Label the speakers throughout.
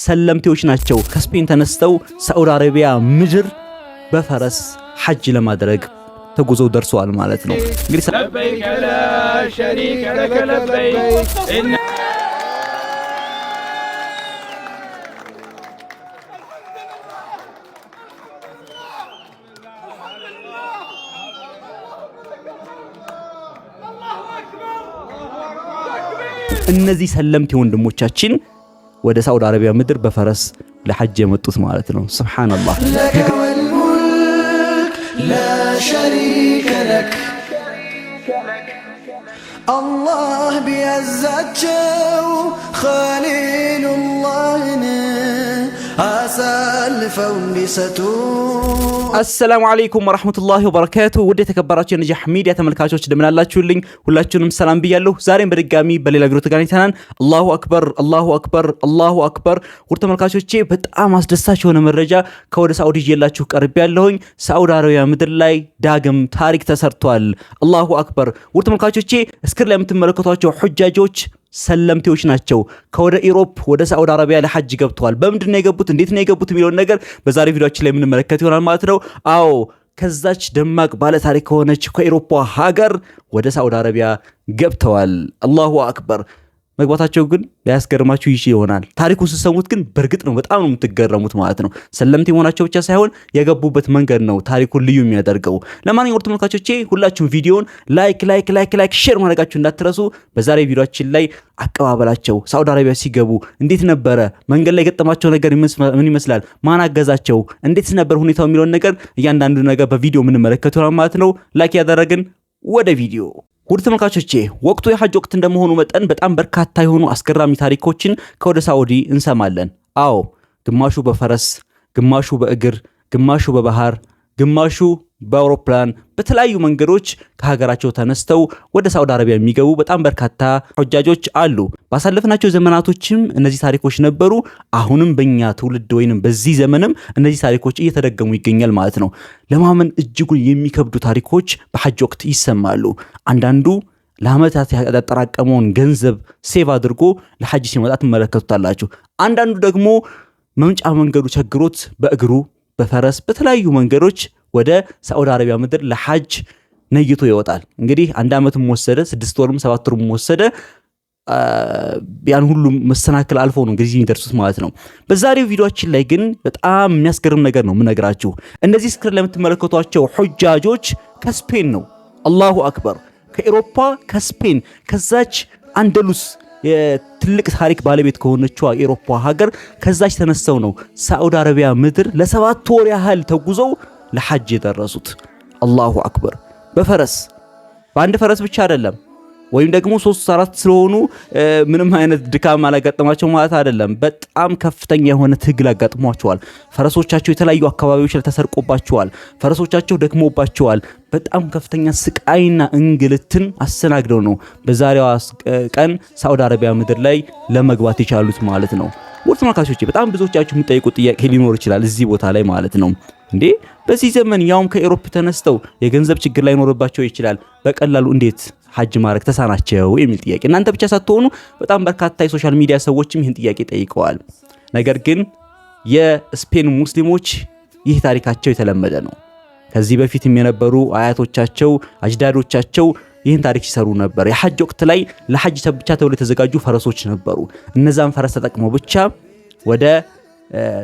Speaker 1: ሰለምቴዎች ናቸው። ከስፔን ተነስተው ሳዑዲ አረቢያ ምድር በፈረስ ሐጅ ለማድረግ ተጉዘው ደርሰዋል ማለት ነው። እንግዲህ እነዚህ ሰለምቴ ወንድሞቻችን ወደ ሳውዲ አረቢያ ምድር በፈረስ ለሐጅ የመጡት ማለት ነው። ሱብሃንአላህ አላህ ቢያዛቸው ኸሊሉላህን አልፈው እንዲሰጡ። አሰላሙ አለይኩም ወራህመቱላሂ ወበረካቱ። ውድ የተከበራችሁ የነጃህ ሚዲያ ተመልካቾች እንደምናላችሁልኝ ሁላችሁንም ሰላም ብያለሁ። ዛሬም በድጋሚ በሌላ ቪዲዮ ተገናኝተናል። አላሁ አክበር፣ አላሁ አክበር፣ አላሁ አክበር። ውድ ተመልካቾቼ በጣም አስደሳች የሆነ መረጃ ከወደ ሳዑዲ ይዤላችሁ ቀርብ ያለሁኝ። ሳዑዲ አረቢያ ምድር ላይ ዳግም ታሪክ ተሰርቷል። አላሁ አክበር። ውድ ተመልካቾቼ እስክሪን ላይ የምትመለከቷቸው ሑጃጆች ሰለምቴዎች ናቸው። ከወደ ኢሮፕ ወደ ሳዑዲ አረቢያ ለሐጅ ገብተዋል። በምንድን ነው የገቡት? እንዴት ነው የገቡት? የሚለውን ነገር በዛሬ ቪዲዮችን ላይ የምንመለከት ይሆናል ማለት ነው። አዎ ከዛች ደማቅ ባለ ታሪክ ከሆነች ከኢሮፓ ሀገር ወደ ሳዑዲ አረቢያ ገብተዋል። አላሁ አክበር መግባታቸው ግን ሊያስገርማችሁ ይች ይሆናል። ታሪኩን ስትሰሙት ግን በእርግጥ ነው በጣም ነው የምትገረሙት ማለት ነው። ሰለምት መሆናቸው ብቻ ሳይሆን የገቡበት መንገድ ነው ታሪኩን ልዩ የሚያደርገው። ለማንኛውም ተመልካቾቼ ሁላችሁም ቪዲዮን ላይክ ላይክ ላይክ ላይክ ሼር ማድረጋችሁ እንዳትረሱ። በዛሬ ቪዲዮችን ላይ አቀባበላቸው ሳውዲ አረቢያ ሲገቡ እንዴት ነበረ፣ መንገድ ላይ የገጠማቸው ነገር ምን ይመስላል፣ ማን አገዛቸው፣ እንዴት ነበር ሁኔታው የሚለውን ነገር እያንዳንዱ ነገር በቪዲዮ የምንመለከቱ ማለት ነው። ላይክ ያደረግን ወደ ቪዲዮ ውድ ተመልካቾቼ ወቅቱ የሐጅ ወቅት እንደመሆኑ መጠን በጣም በርካታ የሆኑ አስገራሚ ታሪኮችን ከወደ ሳውዲ እንሰማለን። አዎ ግማሹ በፈረስ ግማሹ በእግር ግማሹ በባህር ግማሹ በአውሮፕላን በተለያዩ መንገዶች ከሀገራቸው ተነስተው ወደ ሳውዲ አረቢያ የሚገቡ በጣም በርካታ ሑጃጆች አሉ። ባሳለፍናቸው ዘመናቶችም እነዚህ ታሪኮች ነበሩ። አሁንም በእኛ ትውልድ ወይንም በዚህ ዘመንም እነዚህ ታሪኮች እየተደገሙ ይገኛል ማለት ነው። ለማመን እጅጉን የሚከብዱ ታሪኮች በሐጅ ወቅት ይሰማሉ። አንዳንዱ ለአመታት ያጠራቀመውን ገንዘብ ሴቭ አድርጎ ለሐጅ ሲመጣ ትመለከቱታላችሁ። አንዳንዱ ደግሞ መምጫ መንገዱ ቸግሮት በእግሩ በፈረስ በተለያዩ መንገዶች ወደ ሳዑዲ አረቢያ ምድር ለሐጅ ነይቶ ይወጣል። እንግዲህ አንድ ዓመትም ወሰደ፣ ስድስት ወርም ሰባት ወርም ወሰደ። ያን ሁሉ መሰናክል አልፎ ነው እንግዲህ የሚደርሱት ማለት ነው። በዛሬው ቪዲዮችን ላይ ግን በጣም የሚያስገርም ነገር ነው የምነግራችሁ። እነዚህ ስክሪን ላይ የምትመለከቷቸው ሑጃጆች ከስፔን ነው። አላሁ አክበር! ከኤሮፓ ከስፔን ከዛች አንደሉስ የትልቅ ታሪክ ባለቤት ከሆነችዋ ኤሮፓ ሀገር ከዛች ተነሰው ነው ሳዑዲ አረቢያ ምድር ለሰባት ወር ያህል ተጉዘው ለሐጅ የደረሱት። አላሁ አክበር። በፈረስ በአንድ ፈረስ ብቻ አይደለም ወይም ደግሞ ሶስት አራት ስለሆኑ ምንም አይነት ድካም አላጋጠማቸው ማለት አይደለም። በጣም ከፍተኛ የሆነ ትግል አጋጥሟቸዋል። ፈረሶቻቸው የተለያዩ አካባቢዎች ላይ ተሰርቆባቸዋል። ፈረሶቻቸው ደክሞባቸዋል። በጣም ከፍተኛ ስቃይና እንግልትን አስተናግደው ነው በዛሬዋ ቀን ሳዑዲ አረቢያ ምድር ላይ ለመግባት የቻሉት ማለት ነው። ውድ በጣም ብዙዎቻችሁ የምጠይቁት ጥያቄ ሊኖር ይችላል እዚህ ቦታ ላይ ማለት ነው እንዴ በዚህ ዘመን ያውም ከኤሮፕ ተነስተው የገንዘብ ችግር ላይኖርባቸው ይችላል። በቀላሉ እንዴት ሀጅ ማድረግ ተሳናቸው የሚል ጥያቄ እናንተ ብቻ ሳትሆኑ በጣም በርካታ የሶሻል ሚዲያ ሰዎችም ይህን ጥያቄ ጠይቀዋል። ነገር ግን የስፔን ሙስሊሞች ይህ ታሪካቸው የተለመደ ነው። ከዚህ በፊትም የነበሩ አያቶቻቸው፣ አጅዳዶቻቸው ይህን ታሪክ ሲሰሩ ነበር። የሐጅ ወቅት ላይ ለሐጅ ብቻ ተብሎ የተዘጋጁ ፈረሶች ነበሩ። እነዛን ፈረስ ተጠቅመው ብቻ ወደ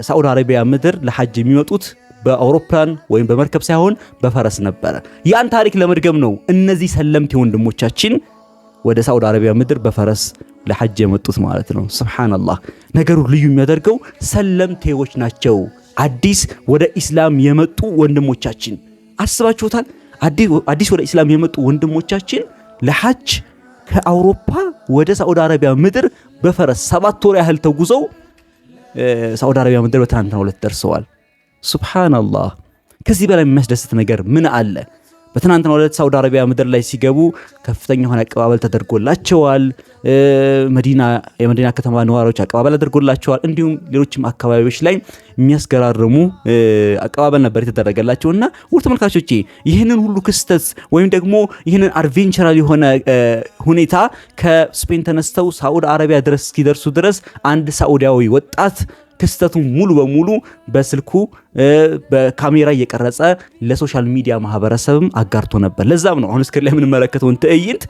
Speaker 1: ሳዑዲ አረቢያ ምድር ለሐጅ የሚመጡት በአውሮፕላን ወይም በመርከብ ሳይሆን በፈረስ ነበረ። ያን ታሪክ ለመድገም ነው እነዚህ ሰለምቴ ወንድሞቻችን ወደ ሳውዲ አረቢያ ምድር በፈረስ ለሐጅ የመጡት ማለት ነው። ሱብሃነላህ። ነገሩ ልዩ የሚያደርገው ሰለምቴዎች ናቸው። አዲስ ወደ ኢስላም የመጡ ወንድሞቻችን አስባችሁታል? አዲስ ወደ ኢስላም የመጡ ወንድሞቻችን ለሐጅ ከአውሮፓ ወደ ሳውዲ አረቢያ ምድር በፈረስ ሰባት ወር ያህል ተጉዘው ሳውዲ አረቢያ ምድር በትናንትና ሁለት ደርሰዋል። ሱብሓነላህ ከዚህ በላይ የሚያስደስት ነገር ምን አለ? በትናንትና ዕለት ሳውዲ አረቢያ ምድር ላይ ሲገቡ ከፍተኛ የሆነ አቀባበል ተደርጎላቸዋል። መዲና የመዲና ከተማ ነዋሪዎች አቀባበል ተደርጎላቸዋል። እንዲሁም ሌሎችም አካባቢዎች ላይ የሚያስገራርሙ አቀባበል ነበር የተደረገላቸው እና ውድ ተመልካቾቼ ይህንን ሁሉ ክስተት ወይም ደግሞ ይህንን አድቬንቸራል የሆነ ሁኔታ ከስፔን ተነስተው ሳውዲ አረቢያ ድረስ እስኪደርሱ ድረስ አንድ ሳውዲያዊ ወጣት ክስተቱን ሙሉ በሙሉ በስልኩ በካሜራ እየቀረጸ ለሶሻል ሚዲያ ማህበረሰብም አጋርቶ ነበር። ለዛም ነው አሁን እስክሪን ላይ የምንመለከተውን ትዕይንት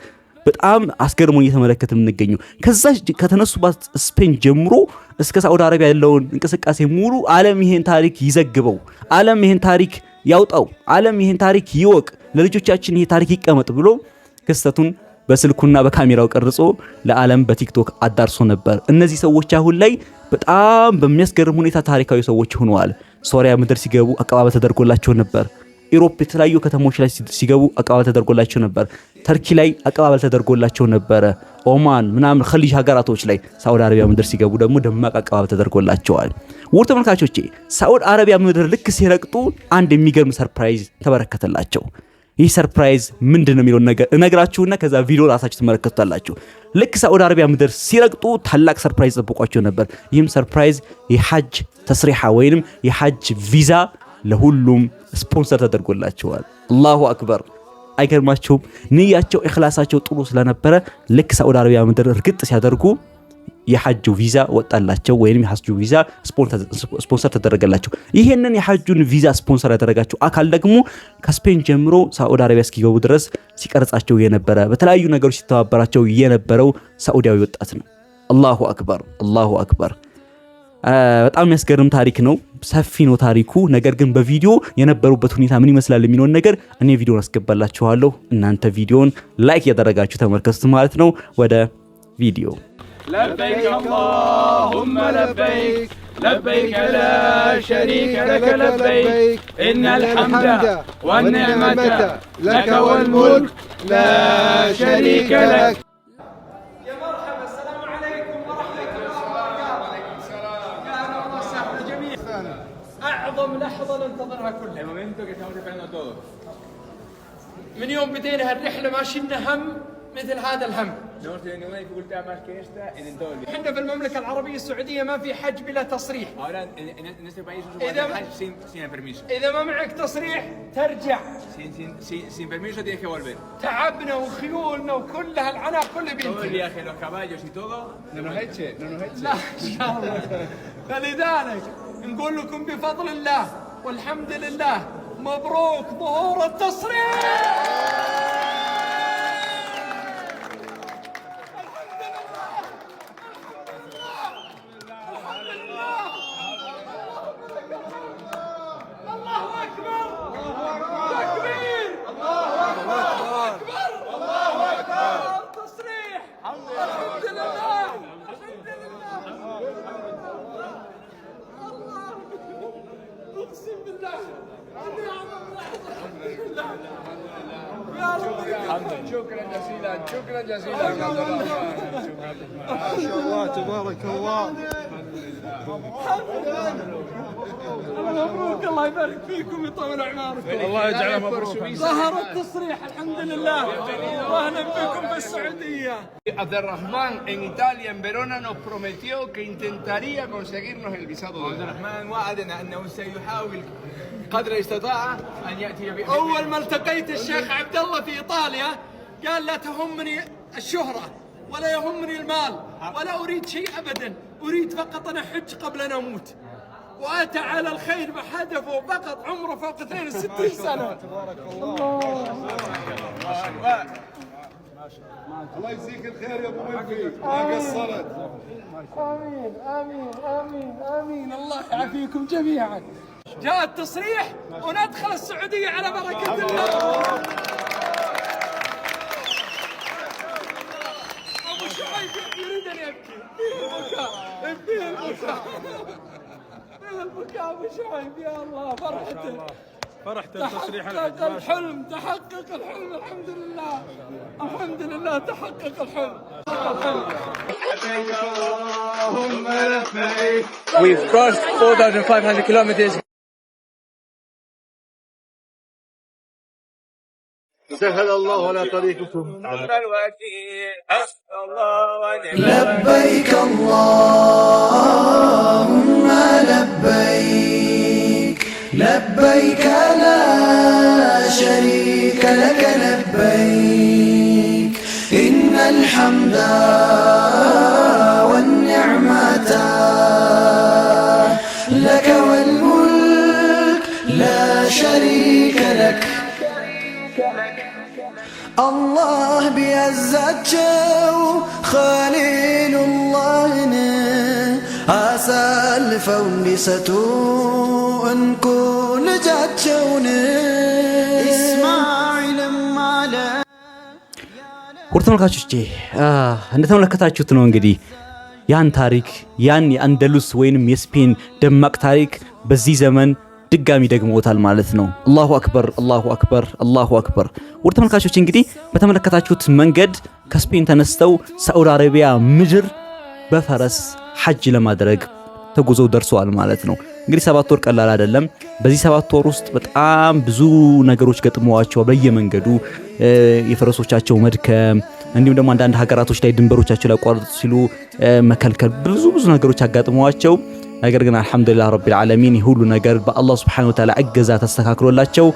Speaker 1: በጣም አስገርሞን እየተመለከት የምንገኘው። ከዛ ከተነሱባት ስፔን ጀምሮ እስከ ሳውዲ አረቢያ ያለውን እንቅስቃሴ ሙሉ ዓለም ይሄን ታሪክ ይዘግበው፣ ዓለም ይሄን ታሪክ ያውጣው፣ ዓለም ይሄን ታሪክ ይወቅ፣ ለልጆቻችን ይሄ ታሪክ ይቀመጥ ብሎ ክስተቱን በስልኩና በካሜራው ቀርጾ ለዓለም በቲክቶክ አዳርሶ ነበር። እነዚህ ሰዎች አሁን ላይ በጣም በሚያስገርም ሁኔታ ታሪካዊ ሰዎች ሆነዋል። ሶሪያ ምድር ሲገቡ አቀባበል ተደርጎላቸው ነበር። ኢሮፕ የተለያዩ ከተሞች ላይ ሲገቡ አቀባበል ተደርጎላቸው ነበር። ተርኪ ላይ አቀባበል ተደርጎላቸው ነበረ። ኦማን ምናምን ከልጅ ሀገራቶች ላይ ሳዑዲ አረቢያ ምድር ሲገቡ ደግሞ ደማቅ አቀባበል ተደርጎላቸዋል። ውድ ተመልካቾቼ ሳውዲ አረቢያ ምድር ልክ ሲረግጡ አንድ የሚገርም ሰርፕራይዝ ተበረከተላቸው። ይህ ሰርፕራይዝ ምንድን ነው የሚለውን ነገር እነግራችሁና ከዛ ቪዲዮ ራሳችሁ ትመለከቱታላችሁ። ልክ ሳዑዲ አረቢያ ምድር ሲረግጡ ታላቅ ሰርፕራይዝ ጠብቋቸው ነበር። ይህም ሰርፕራይዝ የሐጅ ተስሪሓ ወይንም የሐጅ ቪዛ ለሁሉም ስፖንሰር ተደርጎላቸዋል። አላሁ አክበር። አይገርማችሁም? ንያቸው ኢኽላሳቸው ጥሩ ስለነበረ ልክ ሳዑዲ አረቢያ ምድር እርግጥ ሲያደርጉ የሐጁ ቪዛ ወጣላቸው ወይም የሐጁ ቪዛ ስፖንሰር ተደረገላቸው። ይሄንን የሐጁን ቪዛ ስፖንሰር ያደረጋቸው አካል ደግሞ ከስፔን ጀምሮ ሳዑዲ አረቢያ እስኪገቡ ድረስ ሲቀርጻቸው የነበረ በተለያዩ ነገሮች ሲተባበራቸው የነበረው ሳዑዲያዊ ወጣት ነው። አላሁ አክበር፣ አላሁ አክበር። በጣም የሚያስገርም ታሪክ ነው። ሰፊ ነው ታሪኩ። ነገር ግን በቪዲዮ የነበሩበት ሁኔታ ምን ይመስላል የሚለውን ነገር እኔ ቪዲዮን አስገባላችኋለሁ። እናንተ ቪዲዮን ላይክ ያደረጋችሁ ተመልከቱት ማለት ነው። ወደ ቪዲዮ
Speaker 2: لبيك اللهم لبيك لبيك لا شريك لك لبيك إن الحمد والنعمة لك والملك لا شريك لك
Speaker 3: يا مرحبا السلام عليكم ورحمة الله وبركاته أعظم لحظة ننتظرها كلها من يوم بدينا هالرحلة ما شلنا هم مثل هذا الهم احنا في المملكه العربيه السعوديه ما في حج بلا تصريح اذا ما اذا ما معك تصريح ترجع تعبنا وخيولنا وكل هالعناء كله بينتهي لا ان شاء الله فلذلك نقول لكم بفضل الله والحمد لله مبروك ظهور التصريح
Speaker 4: شكرا جزيلا شكرا جزيلا ما شاء الله تبارك الله
Speaker 3: مبروك الله يبارك فيكم ويطول اعماركم
Speaker 4: الله يجعله مبروك
Speaker 3: ظهر التصريح الحمد لله واهلا بكم في السعوديه
Speaker 5: الرحمن ان ايطاليا ان فيرونا nos prometió que intentaría conseguirnos el visado
Speaker 6: عبد الرحمن وعدنا انه سيحاول قدر الاستطاعه ان ياتي بأمر. اول ما التقيت الشيخ عبد الله في ايطاليا قال لا تهمني الشهره ولا يهمني المال ولا اريد شيء ابدا أريد فقط أن أحج قبل أن أموت واتى على الخير بحدفه فقط عمره فوق 62 سنه
Speaker 4: تبارك الله
Speaker 7: الله يجزيك الخير يا ابو منفي ما قصرت
Speaker 8: امين امين امين امين الله يعافيكم جميعا جاء التصريح وندخل السعوديه على بركه الله ابني البكاء البكاء البكاء ابو يا الله فرحته فرحت التصريح تحقق الحلم تحقق الحلم الحمد لله الحمد لله تحقق الحلم
Speaker 9: We've crossed 4,500 kilometers.
Speaker 10: سهل الله على طريقكم
Speaker 2: لبيك اللهم لبيك لبيك لا شريك لك لبيك إن الحمد አልፈው እንዲሰጡ እንቁ ልጃቸውን አለ።
Speaker 1: ውድ ተመልካቾቼ እንደተመለከታችሁት ነው እንግዲህ ያን ታሪክ ያን የአንደሉስ ወይንም የስፔን ደማቅ ታሪክ በዚህ ዘመን ድጋሚ ደግመውታል ማለት ነው። አላሁ አክበር፣ አላሁ አክበር፣ አላሁ አክበር። ውድ ተመልካቾች እንግዲህ በተመለከታችሁት መንገድ ከስፔን ተነስተው ሳዑዲ አረቢያ ምድር በፈረስ ሐጅ ለማድረግ ተጉዘው ደርሰዋል ማለት ነው። እንግዲህ ሰባት ወር ቀላል አይደለም። በዚህ ሰባት ወር ውስጥ በጣም ብዙ ነገሮች ገጥመዋቸው በየመንገዱ የፈረሶቻቸው መድከም እንዲሁም ደግሞ አንዳንድ ሀገራቶች ላይ ድንበሮቻቸው ሊያቋርጡ ሲሉ መከልከል፣ ብዙ ብዙ ነገሮች አጋጥመዋቸው ነገር ግን አልሐምዱሊላህ ረቢል ዓለሚን ሁሉ ነገር በአላህ ሱብሓነሁ ወተዓላ እገዛ ተስተካክሎላቸው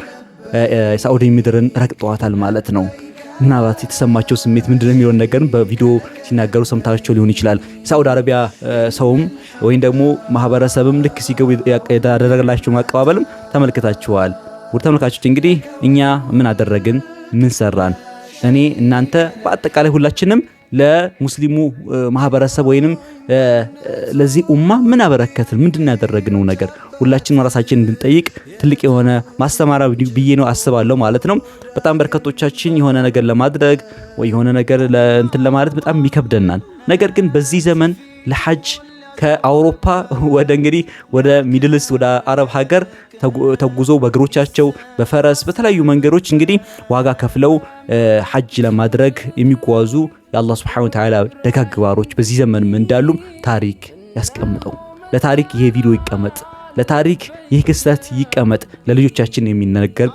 Speaker 1: ሳዑዲ ምድርን ረግጠዋታል ማለት ነው። ምናልባት የተሰማቸው ስሜት ምንድነው የሚለውን ነገር በቪዲዮ ሲናገሩ ሰምታቸው ሊሆን ይችላል። የሳውዲ አረቢያ ሰውም ወይም ደግሞ ማህበረሰብም ልክ ሲገቡ የተደረገላቸው አቀባበልም ተመልክታችኋል። ውድ ተመልካቾች እንግዲህ እኛ ምን አደረግን? ምን ሰራን? እኔ እናንተ በአጠቃላይ ሁላችንም ለሙስሊሙ ማህበረሰብ ወይንም ለዚህ ኡማ ምን አበረከትን? ምንድን ያደረግነው ነገር ሁላችንም ራሳችን እንድንጠይቅ ትልቅ የሆነ ማስተማራ ብዬ ነው አስባለሁ ማለት ነው። በጣም በርከቶቻችን የሆነ ነገር ለማድረግ ወይ የሆነ ነገር እንትን ለማለት በጣም ይከብደናል። ነገር ግን በዚህ ዘመን ለሐጅ ከአውሮፓ ወደ እንግዲህ ወደ ሚድልስ ወደ አረብ ሀገር ተጉዞ በእግሮቻቸው በፈረስ በተለያዩ መንገዶች እንግዲህ ዋጋ ከፍለው ሐጅ ለማድረግ የሚጓዙ የአላህ ስብሐነሁ ወተዓላ ደጋግባሮች በዚህ ዘመንም እንዳሉም ታሪክ ያስቀምጠው። ለታሪክ ይሄ ቪዲዮ ይቀመጥ። ለታሪክ ይህ ክስተት ይቀመጥ፣ ለልጆቻችን የሚነገር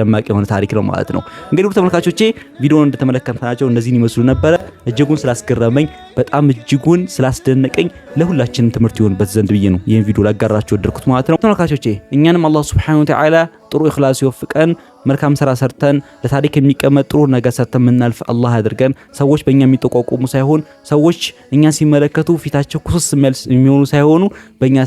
Speaker 1: ደማቅ የሆነ ታሪክ ነው ማለት ነው። እንግዲህ ተመልካቾቼ ቪዲዮውን እንደተመለከታቸው እነዚህን ይመስሉ ነበረ። እጅጉን ስላስገረመኝ በጣም እጅጉን ስላስደነቀኝ ለሁላችንም ትምህርት ይሆንበት ዘንድ ብዬ ነው ይህን ቪዲዮ ላጋራችሁ ወደድኩት ማለት ነው። ተመልካቾቼ እኛንም አላህ ሱብሓነሁ ወተዓላ ጥሩ ኢኽላስ ይወፍቀን። መልካም ስራ ሰርተን ለታሪክ የሚቀመጥ ጥሩ ነገር ሰርተን የምናልፍ አላህ አድርገን። ሰዎች በእኛ የሚጠቋቁሙ ሳይሆን ሰዎች እኛ ሲመለከቱ ፊታቸው ኩስስ የሚሆኑ ሳይሆኑ በእኛ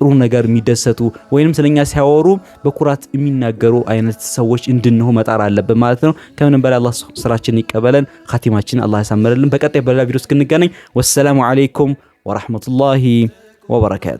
Speaker 1: ጥሩ ነገር የሚደሰቱ ወይንም ስለኛ ሲያወሩ በኩራት የሚናገሩ አይነት ሰዎች እንድንሆን መጣር አለብን ማለት ነው። ከምንም በላይ አላህ ስራችንን ይቀበለን፣ ካቲማችንን አላህ ያሳምርልን። በቀጣይ በሌላ ቪዲዮ እስክንገናኝ ወሰላሙ አለይኩም ወራህመቱላሂ ወበረካቱ።